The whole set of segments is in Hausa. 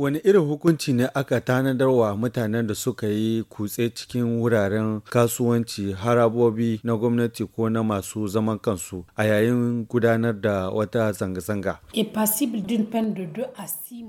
Wani irin hukunci ne aka tanadar wa mutanen da suka yi kutse cikin wuraren kasuwanci harabobi na gwamnati ko na masu zaman kansu a yayin gudanar da wata zanga-zanga?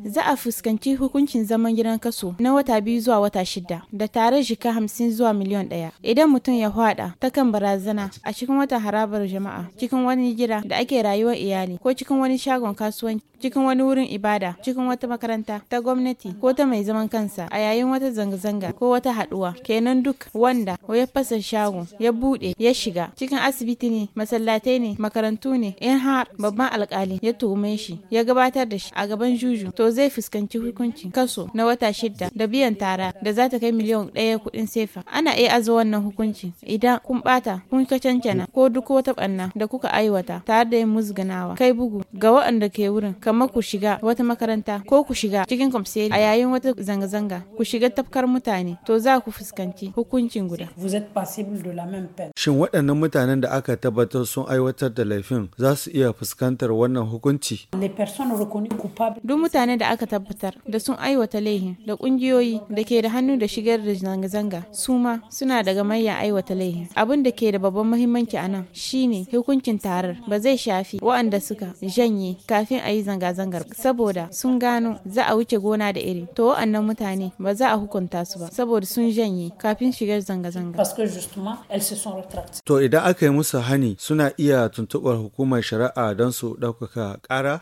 Za a fuskanci hukuncin zaman gidan kaso na wata biyu zuwa wata shida da tare jika hamsin zuwa miliyon daya Idan mutum ya hwada ta kan barazana a cikin wata harabar jama'a, cikin wani gida da ake rayuwar iyali ko cikin wani shagon kasuwanci, cikin wani wurin ibada, cikin wata makaranta ta ta gwamnati ko ta mai zaman kansa a yayin wata zanga-zanga ko wata haduwa kenan duk wanda ya fasa shago ya bude ya shiga cikin asibiti ne masallatai ne makarantu ne in har babban alkali ya tuhume shi ya gabatar da shi a gaban juju to zai fuskanci hukunci kaso na wata shida da biyan tara da za ta kai miliyan ɗaya kuɗin sefa ana iya azo wannan hukunci idan kun bata kun ka cancana ko duk wata banna da kuka aiwata tare da yin musganawa kai bugu ga waɗanda ke wurin kamar ku shiga wata makaranta ko ku shiga cikin birnin a yayin wata zanga-zanga ku shiga tafkar mutane to za ku fuskanci hukuncin guda. Shin waɗannan mutanen da aka tabbatar sun aiwatar da laifin za su iya fuskantar wannan hukunci? Duk mutanen da aka tabbatar da sun aiwata laifin da ƙungiyoyi da ke da hannu da shigar da zanga-zanga su ma suna da gamayya aiwata laifin. Abin da ke da babban muhimmanci a nan shine hukuncin tarar ba zai shafi waɗanda suka janye kafin a yi zanga-zangar saboda sun gano za a wuce gona da iri to wa'annan mutane ba za a hukunta su ba saboda sun janye kafin shigar zanga-zanga to idan aka yi musu hani suna iya tuntuɓar hukumar shari'a don su ɗaukaka ƙara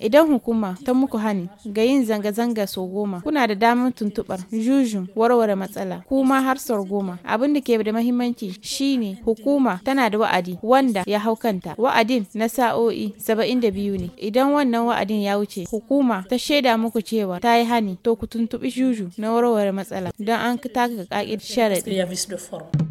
idan hukuma ta muku hani ga yin zanga-zanga sau goma kuna da damar tuntuɓar jujun warware matsala kuma har sau goma abin da ke da mahimmanci shine hukuma tana da wa'adi wanda ya hau kanta wa'adin na sa'o'i saba'in da biyu ne idan wannan wa'adin ya wuce hukuma ta shaida muku cewa ta yi hani to ku tuntuɓi juju na warware matsala don an ta ga ƙaƙir sharaɗi.